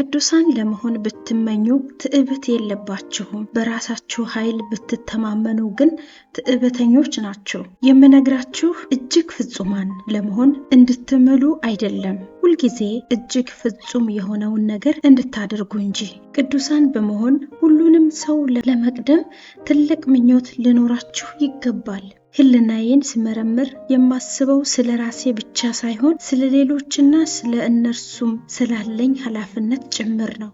ቅዱሳን ለመሆን ብትመኙ ትዕበት የለባችሁም። በራሳችሁ ኃይል ብትተማመኑ ግን ትዕበተኞች ናችሁ። የምነግራችሁ እጅግ ፍጹማን ለመሆን እንድትምሉ አይደለም፣ ሁልጊዜ እጅግ ፍጹም የሆነውን ነገር እንድታደርጉ እንጂ። ቅዱሳን በመሆን ሁሉንም ሰው ለመቅደም ትልቅ ምኞት ሊኖራችሁ ይገባል። ህልናዬን ስመረምር የማስበው ስለ ራሴ ብቻ ሳይሆን ስለ ሌሎችና ስለ እነርሱም ስላለኝ ኃላፊነት ጭምር ነው።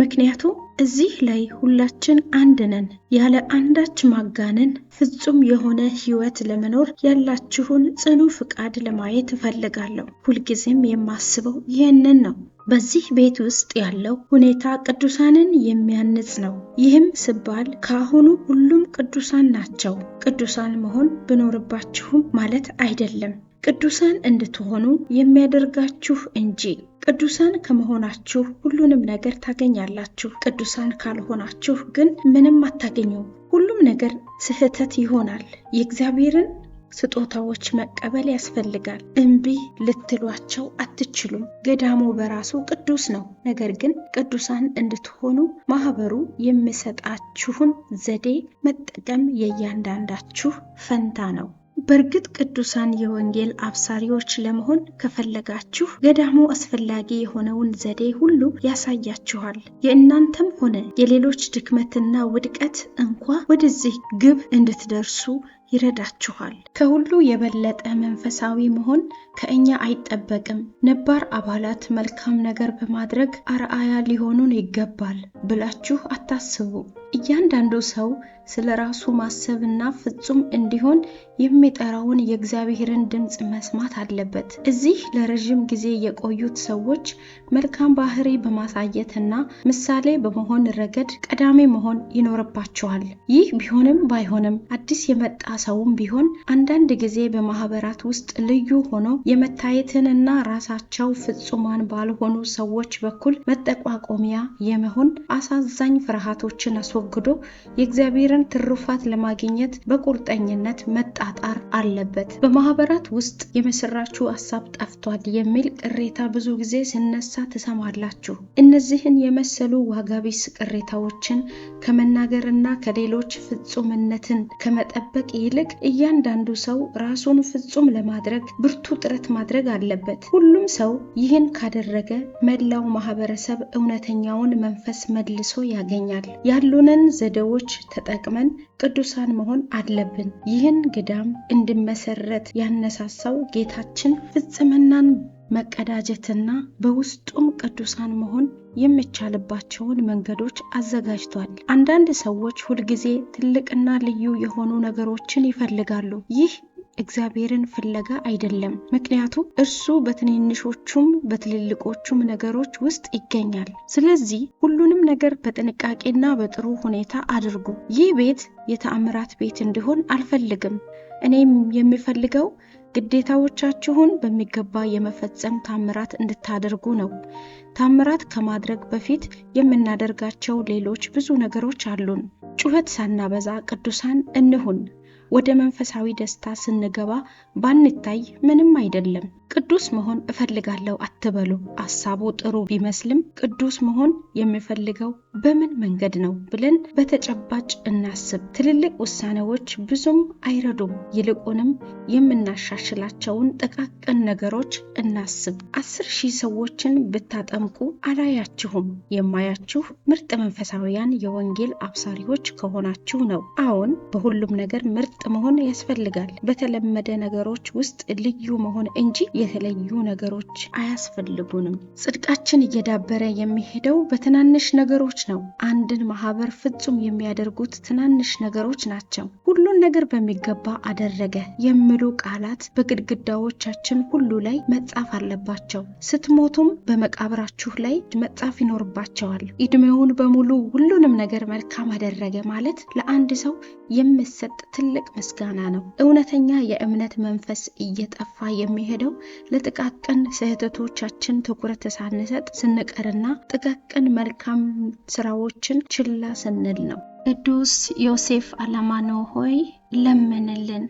ምክንያቱም እዚህ ላይ ሁላችን አንድ ነን። ያለ አንዳች ማጋነን ፍጹም የሆነ ህይወት ለመኖር ያላችሁን ጽኑ ፍቃድ ለማየት እፈልጋለሁ። ሁልጊዜም የማስበው ይህንን ነው። በዚህ ቤት ውስጥ ያለው ሁኔታ ቅዱሳንን የሚያንጽ ነው። ይህም ስባል ከአሁኑ ሁሉም ቅዱሳን ናቸው። ቅዱሳን መሆን ብኖርባችሁም ማለት አይደለም፣ ቅዱሳን እንድትሆኑ የሚያደርጋችሁ እንጂ። ቅዱሳን ከመሆናችሁ ሁሉንም ነገር ታገኛላችሁ። ቅዱሳን ካልሆናችሁ ግን ምንም አታገኙም። ሁሉም ነገር ስህተት ይሆናል። የእግዚአብሔርን ስጦታዎች መቀበል ያስፈልጋል። እምቢ ልትሏቸው አትችሉም። ገዳሙ በራሱ ቅዱስ ነው። ነገር ግን ቅዱሳን እንድትሆኑ ማህበሩ የሚሰጣችሁን ዘዴ መጠቀም የእያንዳንዳችሁ ፈንታ ነው። በእርግጥ ቅዱሳን የወንጌል አብሳሪዎች ለመሆን ከፈለጋችሁ ገዳሙ አስፈላጊ የሆነውን ዘዴ ሁሉ ያሳያችኋል። የእናንተም ሆነ የሌሎች ድክመትና ውድቀት እንኳ ወደዚህ ግብ እንድትደርሱ ይረዳችኋል። ከሁሉ የበለጠ መንፈሳዊ መሆን ከእኛ አይጠበቅም። ነባር አባላት መልካም ነገር በማድረግ አርአያ ሊሆኑን ይገባል ብላችሁ አታስቡ። እያንዳንዱ ሰው ስለ ራሱ ማሰብና ፍጹም እንዲሆን የሚጠራውን የእግዚአብሔርን ድምፅ መስማት አለበት። እዚህ ለረዥም ጊዜ የቆዩት ሰዎች መልካም ባህሪ በማሳየትና ምሳሌ በመሆን ረገድ ቀዳሚ መሆን ይኖርባቸዋል። ይህ ቢሆንም ባይሆንም አዲስ የመጣ ሰውም ቢሆን አንዳንድ ጊዜ በማህበራት ውስጥ ልዩ ሆኖ የመታየትንና ራሳቸው ፍጹማን ባልሆኑ ሰዎች በኩል መጠቋቆሚያ የመሆን አሳዛኝ ፍርሃቶችን አስወግዶ የእግዚአብሔርን ትሩፋት ለማግኘት በቁርጠኝነት መጣጣር አለበት። በማህበራት ውስጥ የመስራቹ ሀሳብ ጠፍቷል የሚል ቅሬታ ብዙ ጊዜ ሲነሳ ትሰማላችሁ። እነዚህን የመሰሉ ዋጋቢስ ቅሬታዎችን ከመናገርና ከሌሎች ፍጹምነትን ከመጠበቅ ይልቅ እያንዳንዱ ሰው ራሱን ፍጹም ለማድረግ ብርቱ ጥረት ማድረግ አለበት። ሁሉም ሰው ይህን ካደረገ መላው ማህበረሰብ እውነተኛውን መንፈስ መልሶ ያገኛል። ያሉንን ዘዴዎች ተጠቅመን ቅዱሳን መሆን አለብን። ይህን ገዳም እንዲመሰረት ያነሳሳው ጌታችን ፍጽምናን መቀዳጀትና በውስጡም ቅዱሳን መሆን የሚቻልባቸውን መንገዶች አዘጋጅቷል። አንዳንድ ሰዎች ሁልጊዜ ትልቅና ልዩ የሆኑ ነገሮችን ይፈልጋሉ። ይህ እግዚአብሔርን ፍለጋ አይደለም። ምክንያቱም እርሱ በትንንሾቹም በትልልቆቹም ነገሮች ውስጥ ይገኛል። ስለዚህ ሁሉንም ነገር በጥንቃቄና በጥሩ ሁኔታ አድርጉ። ይህ ቤት የተአምራት ቤት እንዲሆን አልፈልግም። እኔም የምፈልገው ግዴታዎቻችሁን በሚገባ የመፈጸም ታምራት እንድታደርጉ ነው። ታምራት ከማድረግ በፊት የምናደርጋቸው ሌሎች ብዙ ነገሮች አሉን። ጩኸት ሳናበዛ ቅዱሳን እንሁን። ወደ መንፈሳዊ ደስታ ስንገባ ባንታይ ምንም አይደለም። ቅዱስ መሆን እፈልጋለሁ አትበሉ። አሳቡ ጥሩ ቢመስልም ቅዱስ መሆን የሚፈልገው በምን መንገድ ነው ብለን በተጨባጭ እናስብ። ትልልቅ ውሳኔዎች ብዙም አይረዱም። ይልቁንም የምናሻሽላቸውን ጥቃቅን ነገሮች እናስብ። አስር ሺህ ሰዎችን ብታጠምቁ አላያችሁም። የማያችሁ ምርጥ መንፈሳዊያን የወንጌል አብሳሪዎች ከሆናችሁ ነው። አዎን፣ በሁሉም ነገር ምርጥ መሆን ያስፈልጋል። በተለመደ ነገሮች ውስጥ ልዩ መሆን እንጂ የተለዩ ነገሮች አያስፈልጉንም። ጽድቃችን እየዳበረ የሚሄደው በትናንሽ ነገሮች ነው። አንድን ማህበር ፍጹም የሚያደርጉት ትናንሽ ነገሮች ናቸው። ሁሉን ነገር በሚገባ አደረገ የሚሉ ቃላት በግድግዳዎቻችን ሁሉ ላይ መጻፍ አለባቸው። ስትሞቱም በመቃብራችሁ ላይ መጻፍ ይኖርባቸዋል። እድሜውን በሙሉ ሁሉንም ነገር መልካም አደረገ ማለት ለአንድ ሰው የምሰጥ ትልቅ ምስጋና ነው። እውነተኛ የእምነት መንፈስ እየጠፋ የሚሄደው ለጥቃቅን ስህተቶቻችን ትኩረት ሳንሰጥ ስንቀርና ጥቃቅን መልካም ስራዎችን ችላ ስንል ነው። ቅዱስ ዮሴፍ አላማኖ ሆይ ለምንልን።